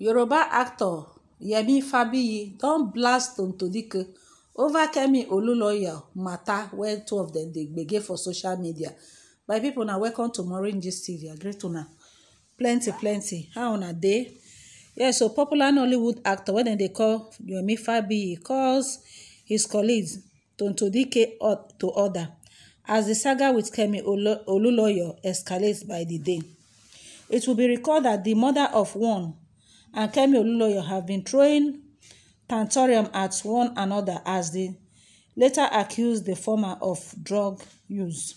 yoruba actor yemi fabiyi don blast ontodike over kemi olunloyo mata wey two of them dey gbege for social media my people now welcome to maureen gist tv Great greet una plenty plenty how on a day, yes so popular Hollywood actor when they call Yemi fabiyi calls his colleagues tontodike to order as the saga with kemi olunloyo escalates by the day it will be recalled that the mother of one and Kemi Oluloyo have been throwing tantorium at one another as they later accused the former of drug use.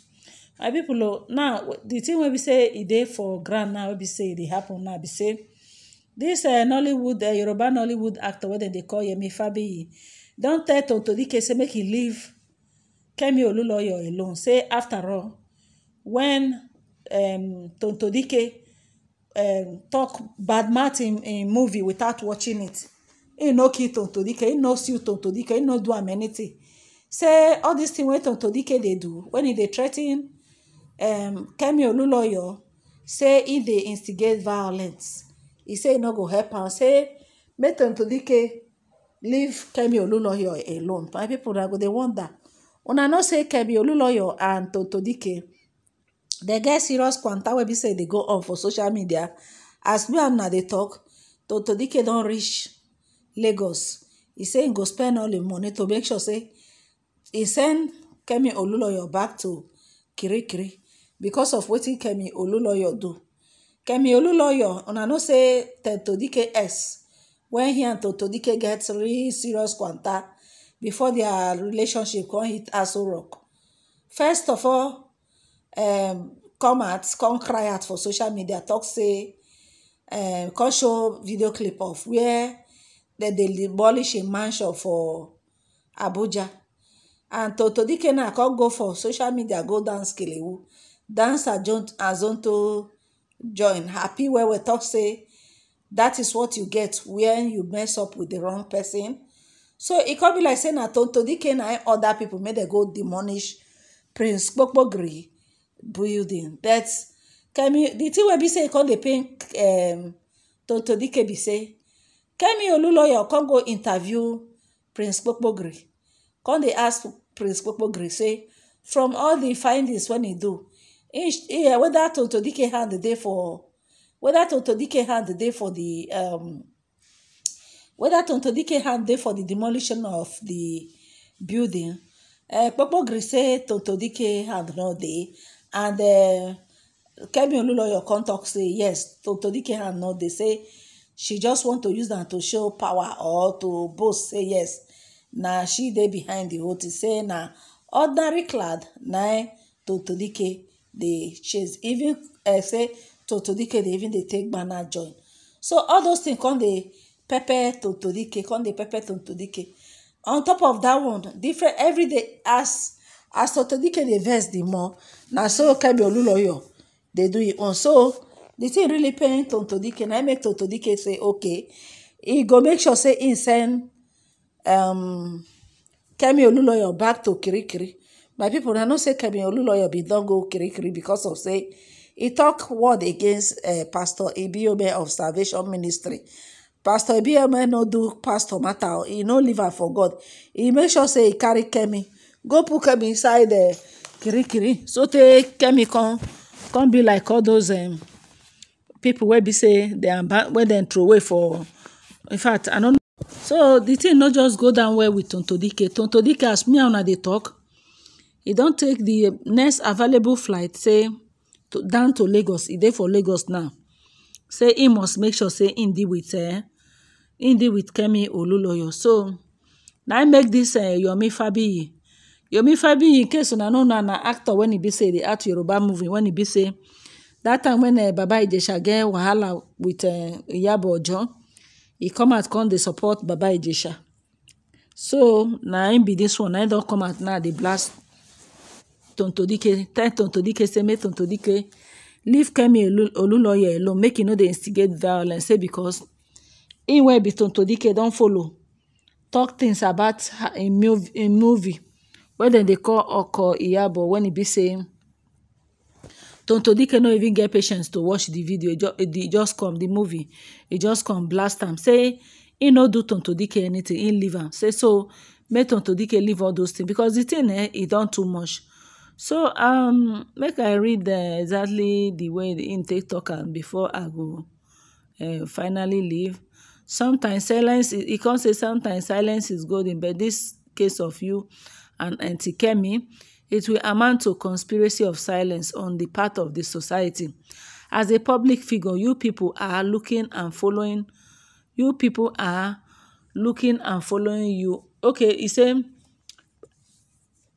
My people, oh, now the thing we be say today e for grand now we be say e dey happen now be say this uh, Nollywood uh, Yoruba Nollywood actor wey they call Yemi Fabi don't tell Tonto Dike say make e leave Kemi Oluloyo alone say after all when um, Tonto Dike Um, talk bad mouth in in movie without watching it him no kill tontondike him no sue tontondike him no do am anything say all dis thing wey tontondike dey do wen e dey threaten um, kemi oluloyo say e dey instigate violence e say e no go help am say make tontondike leave kemi oluloyo alone my people na go dey wonder una no say kemi oluloyo and tontondike. dem get serious kwanta wey be say dey go on for social media as me and una dey talk. toto dike don reach lagos e say im go spend all im money to make sure say e send kemi oluloyo back to kirikiri because of wetin kemi oluloyo do kemi oluloyo una know say toto dike s wen he and toto dike get really serious kwanta before dia relationship come hit aso rock first of all um, come out come cry out for social media talk say um, come show video clip of where they dey demolish a mansion for abuja and totodike na come go for social media go dance kelewu dance don't, don't to join happy where we talk say that is what you get when you mess up with the wrong person so e come be like saying say na totodike na other people make they go demolish prince kpokpogiri building but kemi the thing wey be say e come dey pain um, tonto dike be say kemi olu lawyer come go interview prince kpokpogri come dey ask prince kpokpogri say from all the findings wey im do he whether tonto dike hand dey for whether tonto dike hand dey for the um whether tonto dike hand dey for the demolition of the building um, pokpogri say tonto dike hand no dey. and uh, kemi oluluoyo come tok say yes totodike hand no dey say she just want to use am to show power or to boast say yes na she dey behind the whole thing say na ordinary clad na eh, totodike dey chase even eh, say totodike dey even dey take gbana join so all those things come dey pepper totodike come dey pepper totodike on top of that one different every day as as Otodike dey vex the more na so kemi oluloyo dey do im own so di tin really pain Otodike, na im make Otodike say okay e go make sure say im send um, kemi oluloyo back to kirikiri my people, na know say kemi oluloyo bin don go kirikiri because of say e tok word against eh, pastor Ibiome ome of Salvation Ministry pastor ibiome ome no do pastor mata e no am for God e make sure say e carry kemi. go put Kemi inside the kiri kiri. So sotey Kemi come come be like all those um, people wey be say dem wey dem away for in fact i no know. so the thing no just go down well with tontodike tontodike as me and una dey talk e don take the next available flight say to, down to lagos e dey for lagos now say im must make sure say im deal with uh, eh, im deal with kemi oluloyo so na im make dis uh, eh, yomi Fabi. Yomi Fabi, in case una no know na actor wen e be say e dey act Yoruba movie wen e be say dat time wen eh, Baba Ijesha get wahala with eh, Iyabo Ojo e come out come dey support Baba Ijesha so na im be dis one na im don come out now dey blast Tonto Tontodike tell Tontodike say make Tontodike leave Kemi Oluloye alone make e no dey instigate violence say because im wey be Tonto Tontodike don follow talk things about im movie wey dem dey call oko iyabo when e be say tonto dike no even get patience to watch the video e just come the movie e just come blast am say e no do tonto dike anything e leave am say so make tonto dike leave all those things because the thing eh e don too much so um make i read exactly the way im take talk am before i go eh, finally leave sometimes silence e come say sometimes silence is golden but this case of you and Antikemi, it will amount to conspiracy of silence on the part of the society. As a public figure, you people are looking and following. You people are looking and following you. Okay, he said,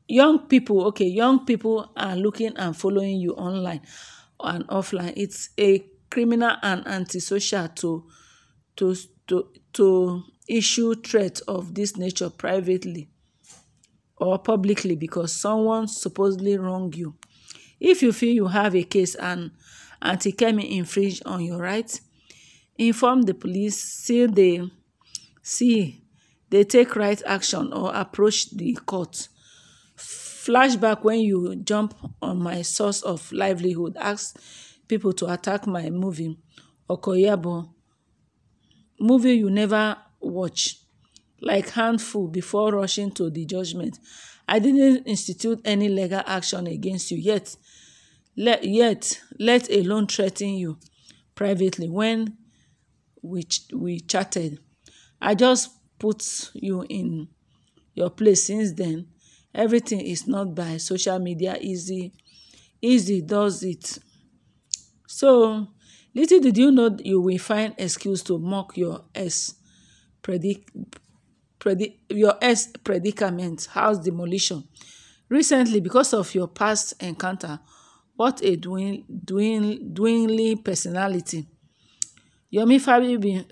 young people, okay, young people are looking and following you online and offline. It's a criminal and antisocial to to to to issue threats of this nature privately or publicly because someone supposedly wronged you. If you feel you have a case and Antikemi infringed on your rights, inform the police See they see they take right action or approach the court. Flashback when you jump on my source of livelihood, ask people to attack my movie, Okoyabo, movie you never watch like handful before rushing to the judgment. I didn't institute any legal action against you yet, let, yet let alone threaten you privately when we, ch we chatted. I just put you in your place since then. Everything is not by social media easy. Easy does it. So, little did you know you will find excuse to mock your ex predict predi your ex predicament house demolition recently because of your past encounter what a dwin dwin dwindling personality yomi fabiyi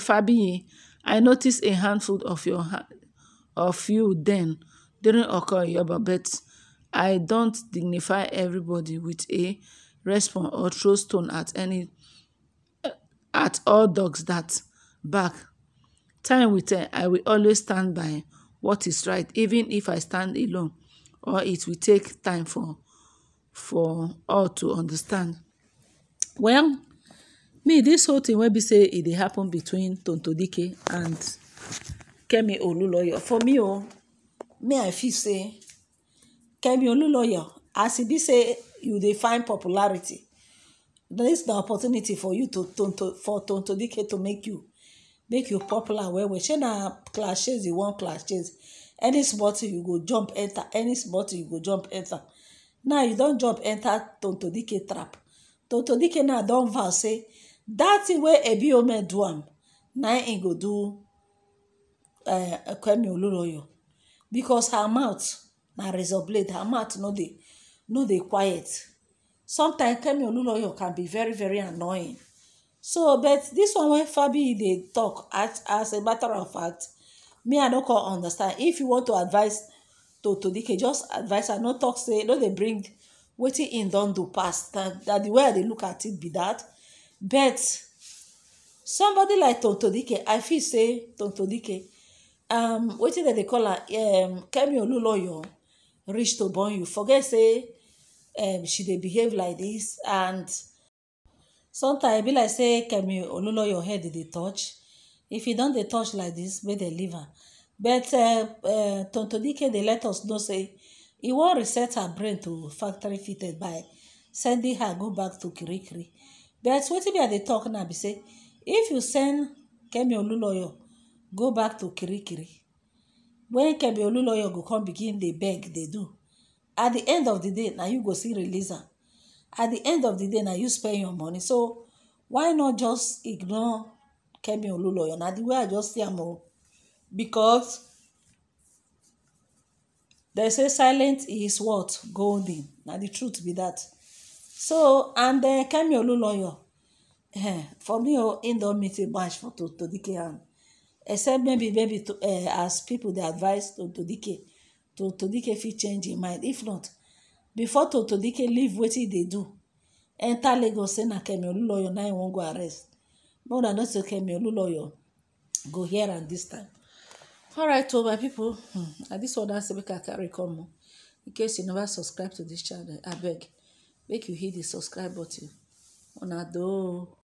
Fabi. i noticed a handful of your of you then during your bet i don't dignify everybody with a response or throw stone at any at all dogs that back. Time will tell. I will always stand by what is right, even if I stand alone, or it will take time for for all to understand. Well, me, this whole thing will be say it happened between Tontodike and Kemi Oluloyo. For me, oh, me, I feel say Kemi Oluloyo, as it be say, you define popularity. There is the opportunity for you to, to, to for Tontodike to make you make you popular well well shey na clashes you wan clashes any small thing you go jump enter any small thing you go jump enter now you don jump enter tonto dike trap tonto dike now don vow say dat thing wey ebiome do am na im go do uh, kwemi oluloyo because her mouth na razor blade her mouth no dey no dey quiet sometimes kemi oluloyo can be very very annoying so but this one wey fabi dey talk as as a matter of fact me i no come understand if you want to advise to todike just advise am no talk say no dey bring wetin im don do pass na the way i dey look at it be that, but somebody like tontodike i feel say tontodike um wetin dem dey call am um, kemi oluloyo reach to born you forget say um she dey behave like this and sometimes e be like say kemi ololoyo head dey dey touch if e don dey touch like this, make dem leave am but uh, uh, tonto dike dey let us know say e wan reset her brain to factory fitted by sending her go back to kirikiri but wetin be i dey talk now be say if you send kemi ololoyo go back to kirikiri When kemi ololoyo go come begin dey beg dey do at the end of the day na you go see release am at the end of the day na you spend your money so why not just ignore Kemi Oluloyo na the way I just see am o because they say silent is what golden na the truth be that so and uh, Kemi Oluloyo eh, for me o im don meet a match for to Todike hand except maybe maybe to, uh, as people dey advise to Todike to Todike fit change im mind if not before totodike leave wetin e dey do enter lagos say na kemi oluloyo na im wan go arrest but una know say kemi oluloyo go hear am this time alright o oh, my pipo hmm, na dis one say make i carry come o oh. in case you never subscribe to dis channel abeg make you hit di subscribe button una do